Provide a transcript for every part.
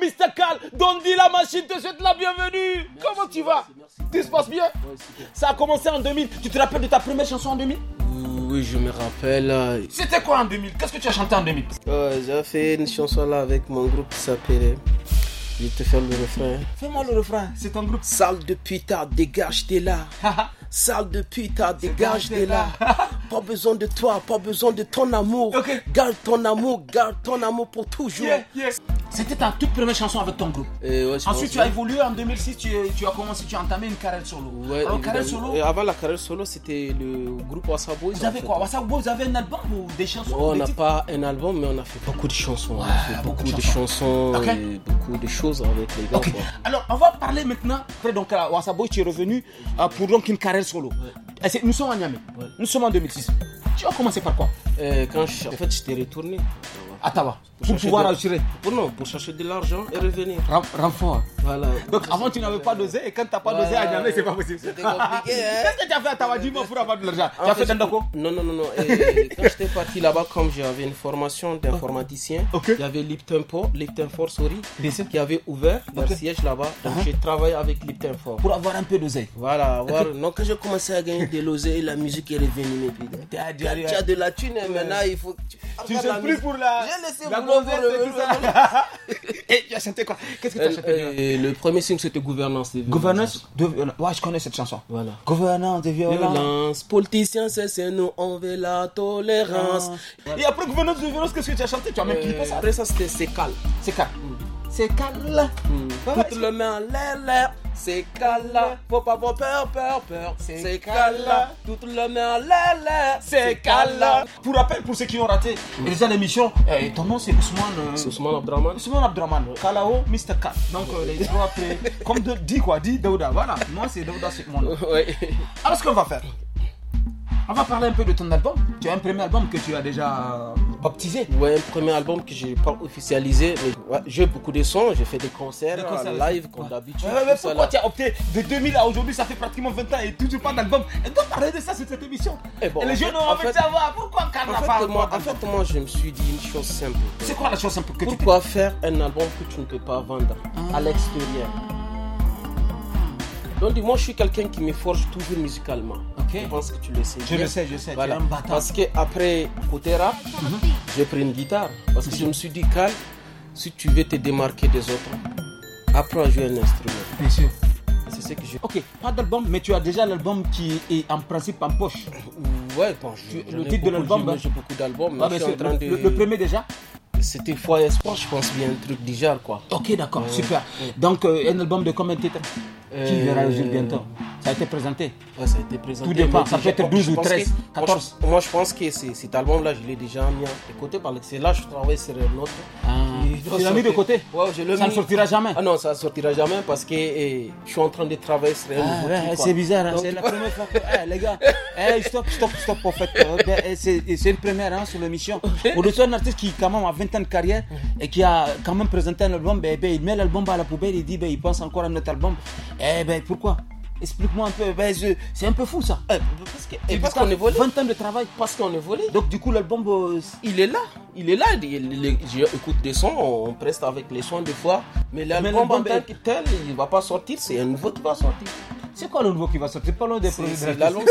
Mr. Carl, Don la machine te souhaite la bienvenue. Comment tu vas Tout se passe bien Ça a commencé en 2000. Tu te rappelles de ta première chanson en 2000 euh, oui, je me rappelle. Euh, C'était quoi en 2000 Qu'est-ce que tu as chanté en 2000 euh, J'ai fait une chanson là avec mon groupe qui s'appelait je vais te faire le refrain. Fais-moi le refrain, c'est ton groupe. Sale de putain, dégage, t'es là. Sale de pute, ah, dégage de là. Pas besoin de toi, pas besoin de ton amour. Garde ton amour, garde ton amour pour toujours. C'était ta toute première chanson avec ton groupe. Eh Ensuite, tu as évolué en 2006, tu, as commencé, tu as entamé une carrière solo. solo Et avant la carrière solo, c'était le groupe Wasabois Vous avez quoi Wasabois vous avez un album ou des chansons On n'a pas un album, mais on a fait beaucoup de chansons. beaucoup, de chansons, et beaucoup de choses avec les gars. Alors, on va parler maintenant. Après, donc, à tu es revenu ah, pour donc une carrière eh, nous sommes en Nous sommes en 2006. Tu as commencé par quoi euh, quand je, En fait, j'étais retourné. À Tawa. Pour, pouvoir assurer. Oh non, pour chercher de l'argent et revenir. Renfort. Donc avant, tu n'avais pas dosé et quand tu n'as pas dosé à jamais c'est pas possible. C'était compliqué. Hein. Qu'est-ce que tu as fait à Tawadim pour avoir de l'argent Tu as fait Dandako Non, non, non. non. quand j'étais parti là-bas, comme j'avais une formation d'informaticien, il y avait Liptempo, Liptempo, sorry, qui avait ouvert leur siège là-bas. Donc uh-huh. j'ai travaillé avec Liptemfor. Pour avoir un peu dosé. Voilà. Okay. Donc quand j'ai commencé à gagner de l'oseille, la musique est revenue. Tu as, as de la thune, Et hein, maintenant il faut. Tu, tu sais plus pour la. J'ai laissé la pour euh, euh, euh, le. Et tu as chanté quoi Qu'est-ce que tu as chanté le premier signe, c'était Gouvernance Gouvernance de violence. Ouais, je connais cette chanson. Voilà. Gouvernance des Violence. Politiciens, c'est nous, on veut la tolérance. Ah. Et après Gouvernance des violences, qu'est-ce que tu as chanté Tu as même euh, clippé ça Après ça, c'était C'est calme c'est calme. Mmh. Toute le monde en l'air, l'air. C'est Kala, Faut pas avoir peur, peur, peur. C'est Kala, tout le monde en l'air, C'est Kala. Pour rappel, pour ceux qui ont raté mmh. déjà l'émission, eh, ton nom c'est Ousmane. Euh... Ousmane Abdraman. Ousmane Abdraman. Kalao, Mr. K. Donc euh, les trois après. Comme de, dit quoi, dit Daouda. Voilà, moi c'est Daouda, c'est mon nom. Alors ce qu'on va faire. On va parler un peu de ton album. Tu as un premier album que tu as déjà euh, baptisé. Ouais, un premier album que j'ai pas officialisé, mais j'ai beaucoup de sons, j'ai fait des concerts, des euh, live comme d'habitude. Euh, mais pourquoi tu as opté de 2000 à aujourd'hui, ça fait pratiquement 20 ans et toujours pas d'album Et doit parler de ça sur cette émission. Eh et, les jeunes ont envie de savoir pourquoi Carnaval. En, fait, moi, en fait, moi, je me suis dit une chose simple. C'est quoi la chose simple que Pourquoi tu faire un album que tu ne peux pas vendre à ah. l'extérieur donc, moi, je suis quelqu'un qui me forge toujours musicalement. Je pense que tu le sais. Je le sais, je sais. Parce que après côté rap, mhm. j'ai pris une guitare. Parce que je me suis dit, Cal, si tu veux te démarquer des autres, apprends à jouer un instrument. Bien sûr. C'est ce que je. Ok, pas d'album, mais tu as déjà l'album qui est en principe en poche. Ouais, bon, le titre de l'album. Hein. J'ai beaucoup d'albums. le, premier déjà c'était Foy Espoir, je pense, bien un truc du quoi. Ok, d'accord, super. Donc, euh, un album de comment de titres Qui euh, verra le bientôt Ça a été présenté Ouais, ça a été présenté. Tout dépend, ça peut être 12 ou 13, 14. Moi je, pense que cet album-là, je l'ai déjà mis à côté, c'est là que je travaille sur l'autre. Ah. Tu l'as mis de côté je Ça mis. ne sortira jamais Ah non, ça ne sortira jamais parce que eh, je suis en train de travailler sur un ah, C'est bizarre, hein, c'est la première fois que. Eh, les gars, hey, eh, stop, stop, stop, en fait. Euh, ben, c'est une première hein, sur l'émission. Pour le un artiste qui, quand même, a 20 ans de carrière mhm. et qui a quand même présenté un album, ben, ben, il met l'album à la poubelle, il dit ben, il pense encore à notre album. Eh ben, pourquoi Explique-moi un peu. Ben, c'est un peu fou ça. parce qu'on est volé. 20 ans de travail. Parce qu'on est volé. Donc, du coup, l'album, euh, il est là il est là. J'écoute des sons, on preste avec les sons des fois. Mais l'album en tel, il ne va pas sortir, c'est un nouveau qui va sortir. C'est quoi le nouveau qui va sortir Pas des produits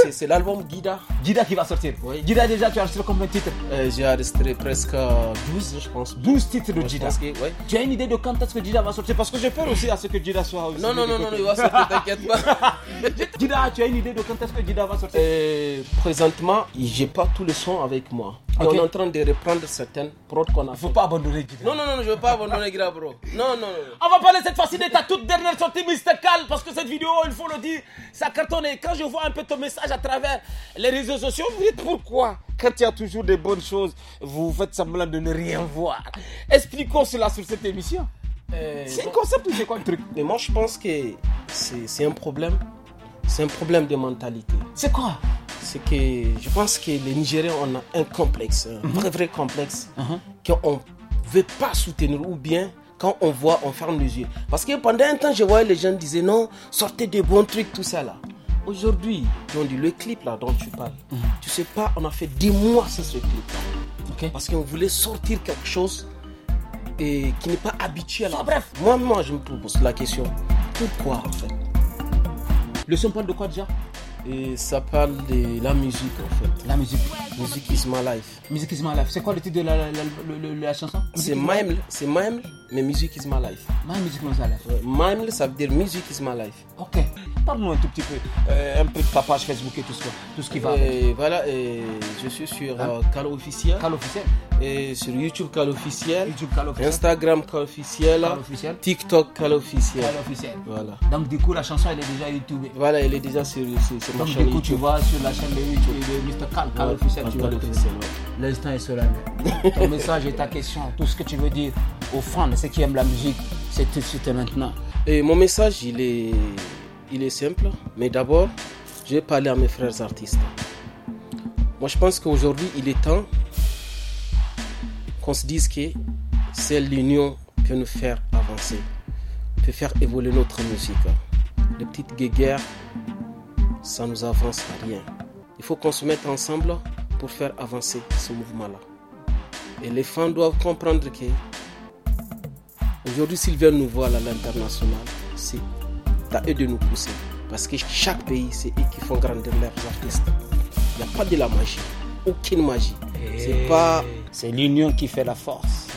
C'est l'album Guida. Guida qui va sortir oui. Guida, déjà, tu as enregistré combien de titres euh, J'ai enregistré presque 12, euh, je pense. 12 titres de Guida. Que, ouais. Tu as une idée de quand est-ce que Guida va sortir Parce que j'ai peur aussi à ce que Guida soit aussi. Non, non, non, non, il va sortir, t'inquiète pas. Ah, tu as une idée de quand est-ce que Dida va sortir euh, Présentement, j'ai pas tous les sons avec moi. On est en train de reprendre certaines prods qu'on a. Faut pas abandonner Dida. Non, non, non, je veux pas abandonner Dida, bro. Non, non, non. On va parler cette fois-ci de ta toute dernière sortie, Mr. parce que cette vidéo, il faut le dire, ça cartonne. Et quand je vois un peu ton message à travers les réseaux sociaux, vous dites pourquoi quand il y a toujours des bonnes choses, vous faites semblant de ne rien voir. Expliquons cela sur cette émission. Euh, c'est un concept ou c'est quoi le truc Mais moi, je pense que c'est un problème c'est un problème de mentalité. C'est quoi C'est que je pense que les Nigériens, ont un complexe, un mhm. vrai, vrai complexe, mhm. qu'on ne veut pas soutenir ou bien quand on voit, on ferme les yeux. Parce que pendant un temps, je voyais les gens disaient non, sortez des bons trucs, tout ça là. Aujourd'hui, ils ont dit le clip là dont tu parles, mhm. tu sais pas, on a fait 10 mois sans ce clip là. Parce qu'on voulait sortir quelque chose et qui n'est pas habitué à la. Bref, moi, moi je me pose la question pourquoi en fait le son parle de quoi déjà et ça parle de la musique en fait. La musique. Music is my life. Music is my life. C'est quoi le titre de la, chanson C'est Mime, c'est mais music is my life. My music is my life. ça veut dire Music is my life. Ok parle moi un tout petit peu, euh, un peu de ta page Facebook et tout ce, tout ce qui va. voilà, je suis sur Cal hein? euh, Officiel. Cal Officiel. Et sur YouTube Cal Officiel. Instagram Cal Officiel. Officiel. TikTok Cal Officiel. Officiel. Voilà. Donc du coup, la chanson, elle est déjà YouTube. Voilà, elle est déjà sur, sur, sur Donc, du coup, tu vas sur la chaîne de YouTube de Mr. Cal, Cal Officiel. L'instant est solennel. Ton message et ta question, tout ce que tu veux dire aux fans, ceux qui aiment la musique, c'est tout de suite et maintenant. Et mon message, il est il est simple, mais d'abord, je vais parler à mes frères artistes. Moi, je pense qu'aujourd'hui, il est temps qu'on se dise que c'est l'union qui peut nous faire avancer, peut faire évoluer notre musique. Les petites guéguerres, ça nous avance à rien. Il faut qu'on se mette ensemble pour faire avancer ce mouvement-là. Et les fans doivent comprendre que aujourd'hui, s'ils nous voir à l'international, c'est et eux de nous pousser. Parce que chaque pays, c'est eux qui font grandir leurs artistes. Il n'y a pas de la magie. Aucune magie. C'est eh. pas... C'est l'union qui fait la force.